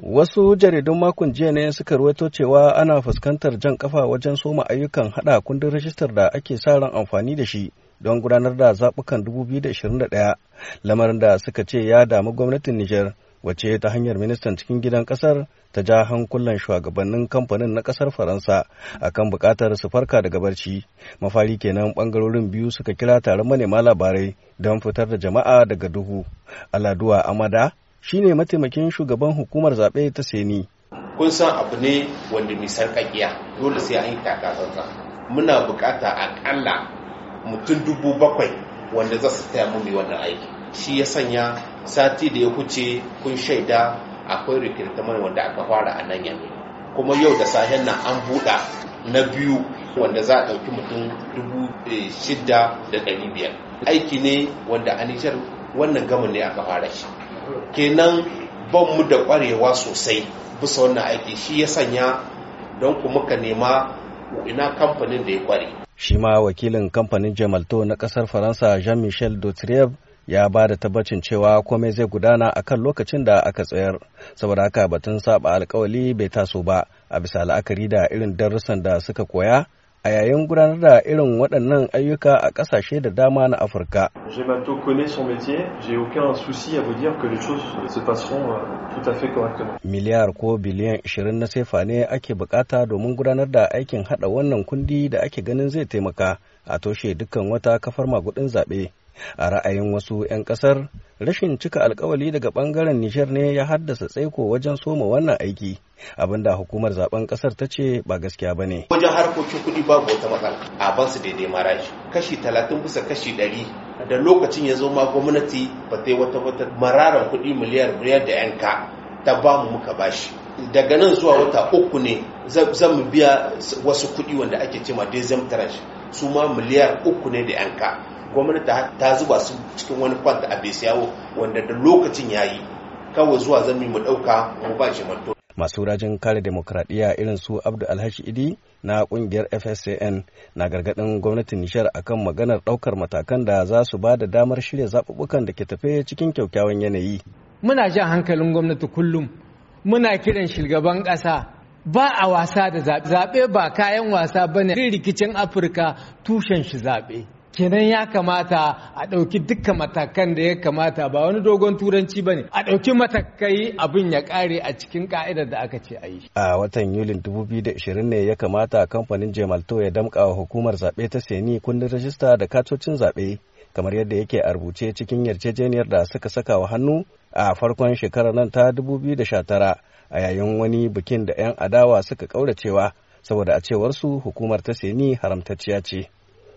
Wasu jaridun makon jiya ne suka ruwaito cewa ana fuskantar jan kafa wajen soma ayyukan hada kundin rajistar da ake sa ran amfani da shi don gudanar da zaɓukan 2021 lamarin da suka ce ya damu gwamnatin Nijar wace ta hanyar ministan cikin gidan kasar ta ja hankulan shugabannin kamfanin na kasar Faransa akan bukatar su farka daga barci. Mafari kenan bangarorin biyu suka kira taron manema labarai don fitar da jama'a daga duhu. Aladuwa Amada shine mataimakin shugaban hukumar zaɓe ta Seni. Kun san abu ne wanda mai sarƙaƙiya dole sai an yi takatsantsa. Muna buƙata aƙalla mutum dubu bakwai wanda za su taya mu wannan aiki. Shi ya sanya sati da ya huce kun shaida akwai rikirtamai wanda aka fara a nan yanzu. Kuma yau da sahen nan an buɗa na biyu wanda za a ɗauki mutum dubu eh, shida da ɗari biyar. Aiki ne wanda a wannan gama ne aka fara shi. kenan ban mu da kwarewa sosai bisa wannan aiki shi ya sanya don ku muka nema ina kamfanin da ya kware shi ma wakilin kamfanin jamalto na kasar faransa jean-michel dautrieve ya ba da tabbacin cewa komai zai gudana a kan lokacin da aka tsayar saboda haka batun saba alkawali bai taso ba a bisa la'akari da irin darussan da suka koya a yayin gudanar da irin waɗannan ayyuka a ƙasashe da dama na Afirka. Euh, Miliyar ko biliyan 20 na sefa ne ake bukata domin gudanar da aikin hada wannan kundi da ake ganin zai taimaka a toshe dukkan wata kafar magudin zaɓe. a ra'ayin wasu 'yan kasar rashin cika alkawali daga bangaren nijar ne ya haddasa tsaiko wajen soma wannan aiki abinda hukumar zaben kasar ta ce ba gaskiya ba ne wajen harkokin kuɗi babu wata matsala a ban su daidai maraji kashi talatin bisa kashi ɗari da lokacin ya zo ma gwamnati ba ta yi wata wata mararan kuɗi miliyar miliyar da yanka ta ba mu muka bashi daga nan zuwa wata uku ne zan mu biya wasu kuɗi wanda ake cema dezem tranche su ma miliyar uku ne da yanka gwamnati ta zuba su cikin wani kwan da abe siyawo wanda da lokacin ya yi kawai zuwa zami mu ɗauka mu ba shi manto. masu rajin kare demokradiyya irin su abdu alhashi idi na kungiyar fsan na gargadin gwamnatin nishar akan maganar daukar matakan da za su ba da damar shirya zaɓuɓɓukan da ke tafe cikin kyaukyawan yanayi muna jan hankalin gwamnati kullum muna kiran shugaban ƙasa ba a wasa da zaɓe ba kayan wasa bane rikicin afirka tushen shi zaɓe kenan ya kamata a ɗauki dukkan matakan da ya kamata ba wani dogon turanci ba ne a ɗauki matakai abin ya ƙare a cikin ka'idar da aka ce a yi. a watan yulin 2020 ne ya kamata kamfanin jemalto ya damƙa wa hukumar zaɓe ta seni kundin rajista da katocin zaɓe kamar yadda yake a rubuce cikin yarjejeniyar da suka saka wa hannu a farkon shekarar nan ta 2019 a yayin wani bikin da 'yan adawa suka ƙauracewa saboda a cewarsu hukumar ta seni haramtacciya ce.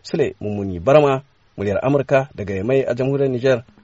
Sule Mummuni barama muryar Amurka daga Yamai a jamhuriyar Nijar.